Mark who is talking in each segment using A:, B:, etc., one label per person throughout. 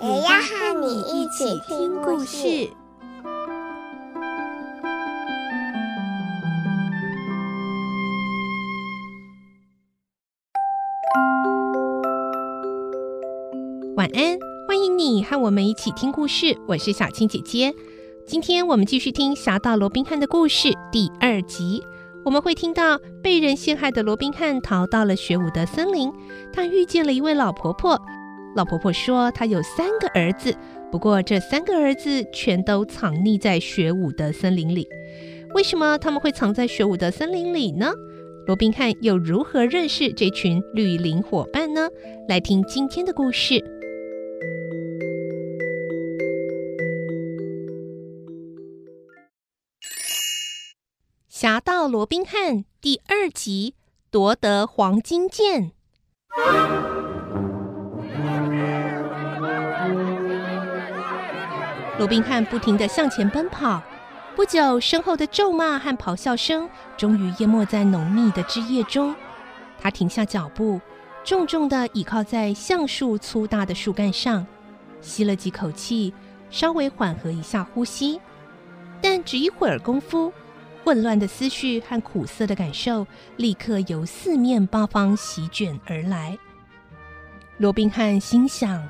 A: 也要和你一起聽故事。晚安，歡迎你和我們一起聽故事。我是小青姐姐，今天我們繼續聽《俠盜羅賓漢》的故事第二集。我們會聽到被人陷害的羅賓漢逃到了雪伍德森林，他遇見了一位老婆婆。老婆婆說，她有三個兒子，不過這三個兒子全都藏匿在雪伍德的森林裡。為什麼他們會藏在雪伍德的森林裡呢？羅賓漢又如何認識這群綠林夥伴呢？來聽今天的故事，《俠盜羅賓漢》第二集：奪得黃金箭。羅賓漢不停地向前奔跑，不久，身後的咒罵和咆哮聲終於淹沒在濃密的枝葉中。他停下腳步，重重地倚靠在橡樹粗大的樹幹上，吸了幾口氣，稍微緩和一下呼吸。但只一會兒功夫，混亂的思緒和苦澀的感受立刻由四面八方席卷而來。羅賓漢心想。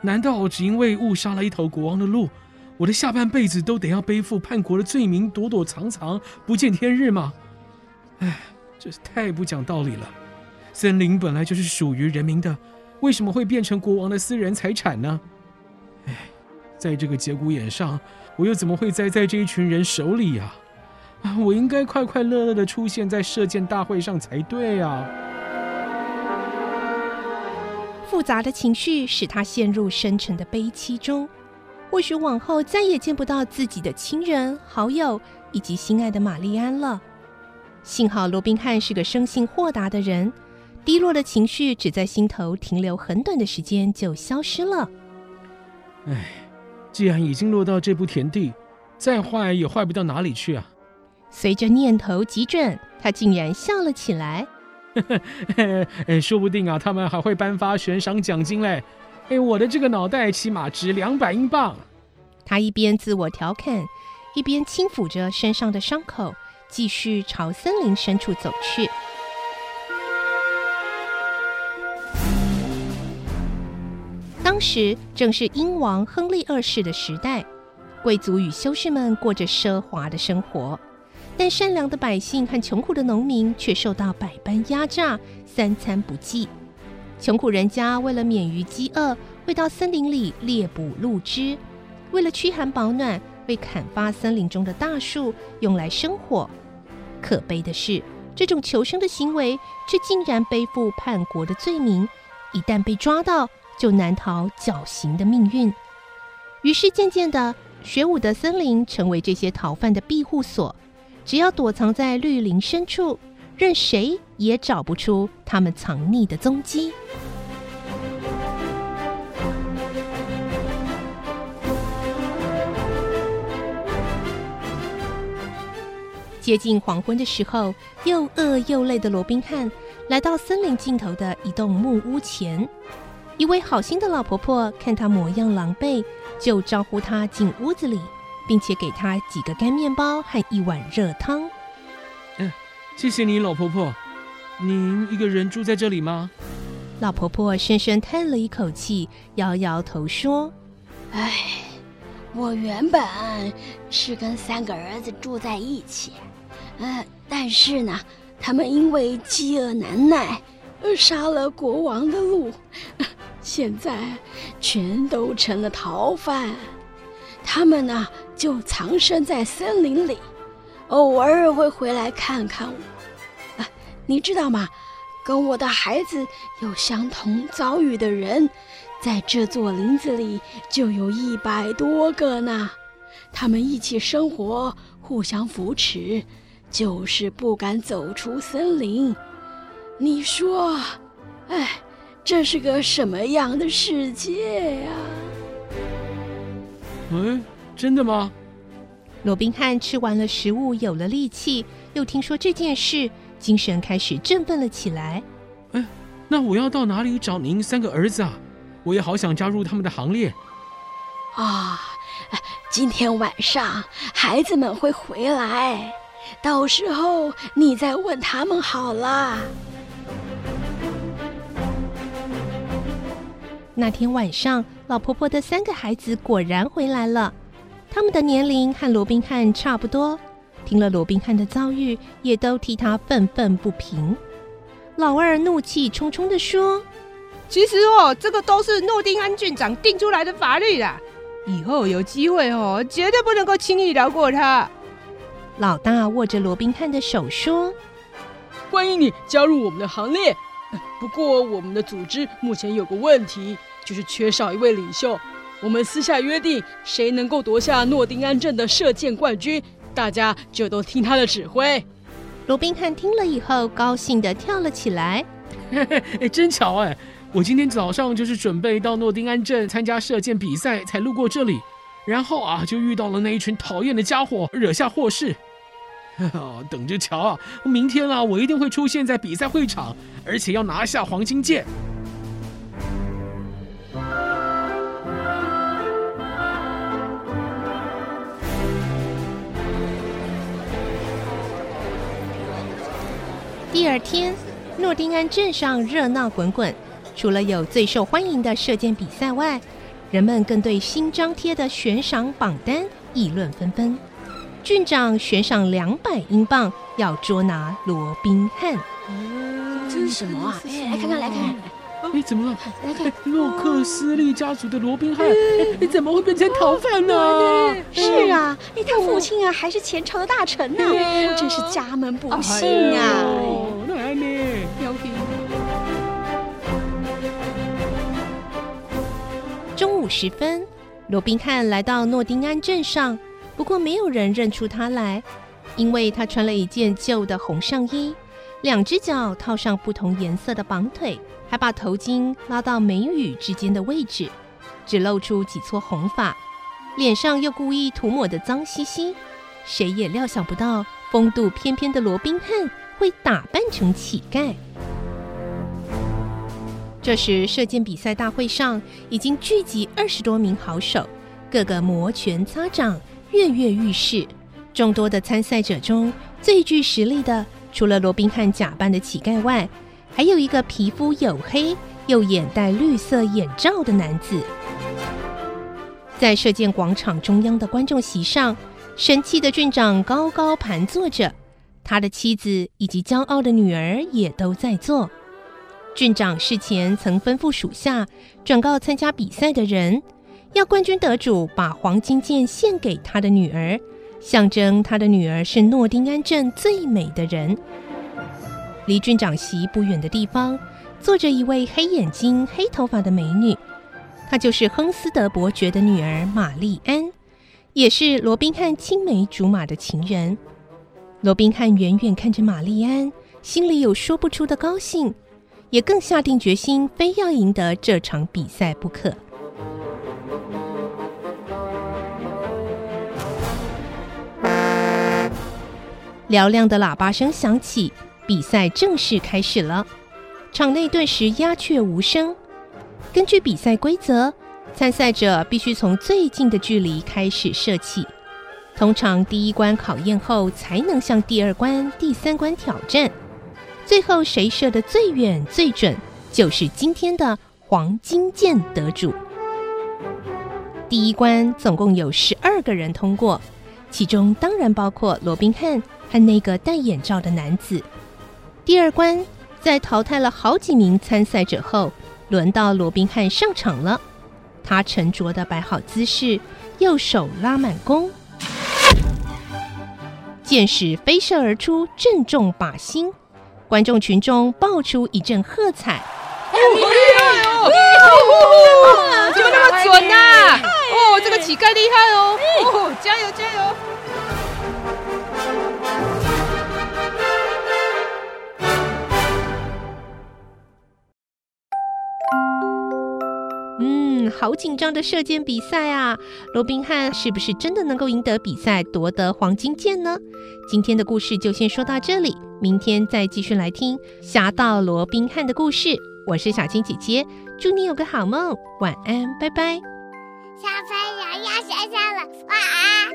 B: 難道只因為誤殺了一頭國王的鹿，我的下半輩子都得要背負叛國的罪名，躲躲藏藏，不見天日嗎？唉，真是太不講道理了！森林本來就是屬於人民的，為什麼會變成國王的私人財產呢？唉，在這個節骨眼上，我又怎麼會栽在這一群人手裡呀？啊，我應該快快樂樂地出現在射箭大會上才對呀、啊！複雜的情緒使他
A: 陷入深沉的悲戚中，或許往後再也見不到自己的親人、好友以及心愛的瑪麗安了。幸好羅賓漢是個生性豁達的人，低落的情緒只在心頭停留很短的時間就消失了。
B: 唉，既然已經落到這步田地，再壞也壞不到哪裡去啊！
A: 隨着念頭急轉，他竟然笑了起來。
B: 說不定啊，他們還會頒發懸賞獎金嘞！哎，我的這個腦袋起碼值兩百英鎊。他一邊自我調侃，一
A: 邊輕撫着身上的傷口，繼續朝森林深處走去。當時正是英王亨利二世的時代，貴族與修士們過着奢華的生活。但善良的百姓和窮苦的農民卻受到百般壓榨，三餐不濟。窮苦人家為了免於飢餓，會到森林裡獵捕鹿只；為了驅寒保暖，會砍伐森林中的大樹用來生火。可悲的是，這種求生的行為卻竟然背負叛國的罪名，一旦被抓到，就難逃絞刑的命運。於是，漸漸的，雪伍德的森林成為這些逃犯的庇護所。只要躲藏在綠林深處，任誰也找不出他們藏匿的蹤跡。接近黃昏的時候，又餓又累的羅賓漢來到森林盡頭的一棟木屋前，一位好心的老婆婆看他模樣狼狽，就招呼他進屋子裡。並且給他幾個乾麵包和一碗熱湯。
B: 嗯，謝謝你，老婆婆。您一個人住在這裡嗎？
A: 老婆婆深深嘆了一口氣，搖搖頭說：“
B: 唉，我原本是跟
C: 三個兒子住在一起。呃，但是呢，他們因為飢餓難耐，而殺了國王的鹿。現在全都成了逃犯。他們呢？”就藏身在森林裡，偶爾會回來看看我。啊，你知道嗎？跟我的孩子有相同遭遇的人，在這座林子裡就有一百多個呢。他們一起生活，互相扶持，就是不敢走出森林。你說，哎，這是個什麼樣的世界呀？啊？嗯。真的嗎？羅賓
A: 漢吃完了食物，有了力氣，又聽說這件事，精神開始振
B: 奮了起來。哎，那我要到哪裡找您三個兒子啊？我也好想加入他們的行列。
C: 啊、哦，今天晚上孩子們會回來，到時候你再問他們好了。那天晚
A: 上，老婆婆的三個孩子果然回來了。他們的年齡和羅賓漢差不多，聽了羅賓漢的遭遇，也都替他憤憤不平。老二怒氣沖沖的說：“其實哦，這個都是諾丁安郡長定出來的法律啦，啊，以後有機會哦，絕對不能夠輕易饒過他。”
C: 老大握着羅賓漢的手說：“歡迎你加入我們的行列。不過，我們的組織目前有個問題，就是缺少一位領袖。”我們私下約定，誰能夠奪下諾丁安鎮的射箭冠軍，大家就都聽他的指揮。羅賓漢聽了以後，高興地跳
B: 了起來。嘿， 真巧誒！我今天早上就是準備到諾丁安鎮參加射箭比賽，才路過這裡，然後啊，就遇到了那一群討厭的家伙，惹下禍事。 等着瞧啊！明天啊，我一定會出現在比賽會場，而且要拿下黃金箭。
A: 第二天，諾丁漢鎮上熱鬧滾滾。除了有最受歡迎的射箭比賽外，人們更對新張貼的懸賞榜單議論紛紛。郡長懸賞兩百英鎊要捉拿羅賓漢。這
C: 是，
B: 這是什麼啊、哎？來看看，來看看。你、哎、怎麼了？來、哎、看。洛克斯利家族的羅賓漢，你、哎、怎麼會變成逃犯呢、啊哎？是啊，哎，他父親
C: 啊，還是前朝的大臣呢、啊哎，真是家門不幸、哦、啊。哎
A: 中午時分，羅賓漢來到諾丁安鎮上，不過沒有人認出他來，因為他穿了一件舊的紅上衣，兩隻腳套上不同顏色的綁腿，還把頭巾拉到眉宇之間的位置，只露出幾撮紅髮，臉上又故意塗抹的髒兮兮。誰也料想不到，風度翩翩的羅賓漢會打扮成乞丐。這時，射箭比賽大會上已經聚集二十多名好手，個個摩拳擦掌，躍躍欲試。眾多的參賽者中，最具實力的，除了羅賓漢假扮的乞丐外，還有一個皮膚黝黑、右眼戴綠色眼罩的男子。在射箭廣場中央的觀眾席上，神氣的郡長高高盤坐着，他的妻子以及驕傲的女兒也都在座。郡長事前曾吩咐屬下轉告參加比賽的人，要冠軍得主把黃金箭獻給他的女兒，象徵他的女兒是諾丁安鎮最美的人。離郡長席不遠的地方，坐着一位黑眼睛、黑頭髮的美女，她就是亨斯德伯爵的女兒瑪麗安，也是羅賓漢青梅竹馬的情人。羅賓漢遠遠看着瑪麗安，心裡有說不出的高興。也更下定決心，非要贏得這場比賽不可。 嘹亮的喇叭聲響起，比賽正式開始了。場內頓時鴉雀無聲。根據比賽規則，參賽者必須從最近的距離開始射擊，通過第一關考驗後，才能向第二關、第三關挑戰。最後誰射的最遠最準，就是今天的黃金箭得主。第一關總共有十二個人通過，其中當然包括羅賓漢和那個戴眼罩的男子。第二關在淘汰了好幾名參賽者後，輪到羅賓漢上場了。他沉着的擺好姿勢，右手拉滿弓，箭矢飛射而出，正中靶心。觀眾群中爆出一陣喝彩！
C: 哎、哦，好厲害哦。哎、害哦哦
B: 哦怎麼那麼準吶、啊
A: 哎！哦，這個乞丐厲害哦！
C: 哎、哦，加油加油！
A: 嗯，好緊張的射箭比賽啊！羅賓漢是不是真的能夠贏得比賽，奪得黃金箭呢？今天的故事就先說到這裡。明天再繼續來聽俠盜羅賓漢的故事。我是小青姐姐，祝你有個好夢。晚安，拜拜。
C: 小朋友要睡覺了，晚安。